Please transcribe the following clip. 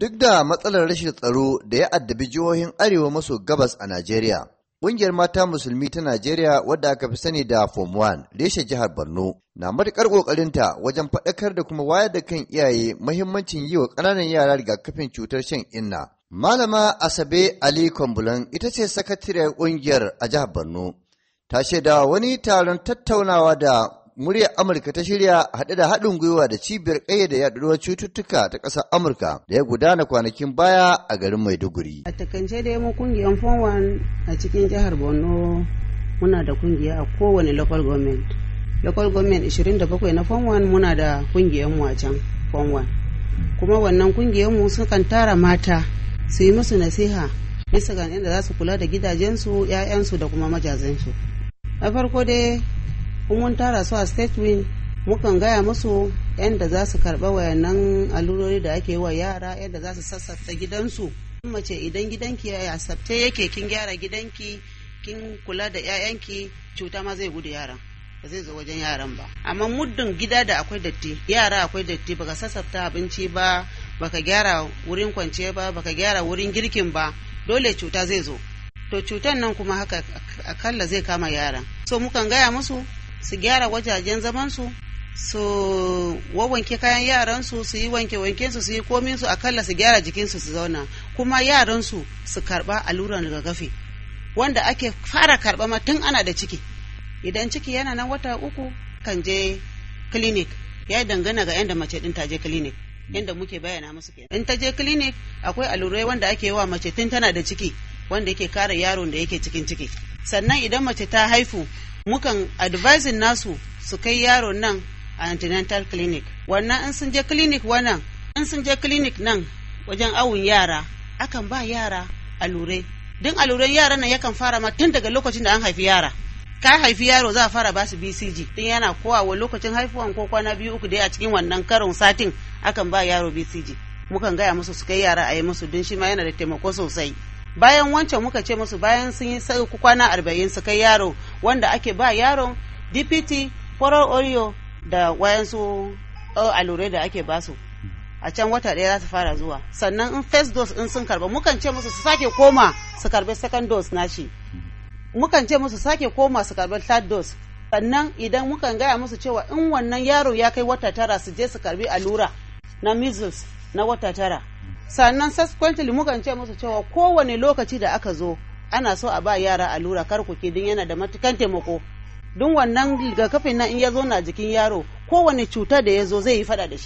Duk da matsalar rashin tsaro da ya addabi jihohin Arewa maso gabas a Najeriya, ƙungiyar mata musulmi ta Najeriya wadda aka fi sani da Form 1 reshe jihar Borno na matuƙar ƙoƙarinta wajen faɗakar da kuma wayar da kan iyaye muhimmancin yi wa ƙananan yara rigakafin cutar shan inna. Malama Asabe Ali Kwambulan ita ce sakatariyar ƙungiyar a jihar Borno. Ta shaida wani taron tattaunawa da muryar Amurka ta shirya haɗe da haɗin gwiwa da cibiyar ƙayyade yaɗuwar cututtuka ta ƙasar Amurka da ya gudana kwanakin baya a garin Maiduguri. A takaice da mu kungiyar Fonwan a cikin jihar Borno muna da kungiya a kowane local government. Local government 27 na Fonwan muna da kungiyar mu a can Fonwan. Kuma wannan kungiyar mu sukan tara mata su yi musu nasiha bisa ga inda za su kula da gidajensu, 'ya'yansu da kuma majazansu. Na farko dai in mun tara su a state wing mukan gaya musu yadda za su karɓa wayannan allurori da ake wa yara yadda za su sassafta gidansu mace idan gidanki ya sabte yake kin gyara gidanki kin kula da 'ya'yanki cuta ma zai gudu yaran ba zai zo wajen yaran ba amma muddin gida da akwai datti yara akwai datti baka sassafta abinci ba baka gyara wurin kwanciya ba baka gyara wurin girkin ba dole cuta zai zo to cutan nan kuma haka akalla zai kama yaran so mukan gaya musu su gyara wajajen zaman su wawanke kayan yaransu su yi wanke wanke su yi kominsu akalla su gyara jikinsu su zauna kuma yaransu su karba alluran rigakafi wanda ake fara karba ma tun ana da ciki idan ciki yana nan wata uku kan je clinic ya dangana ga yanda mace din ta je clinic yanda muke bayyana musu kenan in ta je clinic akwai allurai wanda ake wa mace tun tana da ciki wanda yake kare yaron da yake cikin ciki sannan idan mace ta haifu mukan advising nasu su kai yaro nan a antenatal clinic wannan an sun je clinic wannan an sun je clinic nan wajen awun yara akan ba yara allurai don alluran yaran nan yakan fara ma tun daga lokacin da an haifi yara ka haifi yaro za a fara ba su BCG tun yana wa lokacin haifuwan ko kwana biyu uku dai a cikin wannan karon satin akan ba yaro BCG mukan gaya musu su kai yara a yi musu don shi ma yana da taimako sosai bayan wancan muka ce musu bayan sun yi kwana arba'in su kai yaro wanda ake ba yaro dpt kwarar oyo da wayansu oh, allurai da ake basu a can wata ɗaya za su fara zuwa sannan in first dose in sun karba mukan ce musu su sake koma su karbi second dose nashi mukan ce musu sake koma su karbi third dose sannan idan mukan gaya musu cewa in wannan yaro ya kai wata tara su je su karbi allura na measles na wata tara sannan subsequently mukan ce musu cewa kowane lokaci da aka zo ana so a ba yara allura kar ku ke din yana da matukan taimako don wannan kafin na in ya zo na jikin yaro kowane cuta da ya zo zai yi fada da shi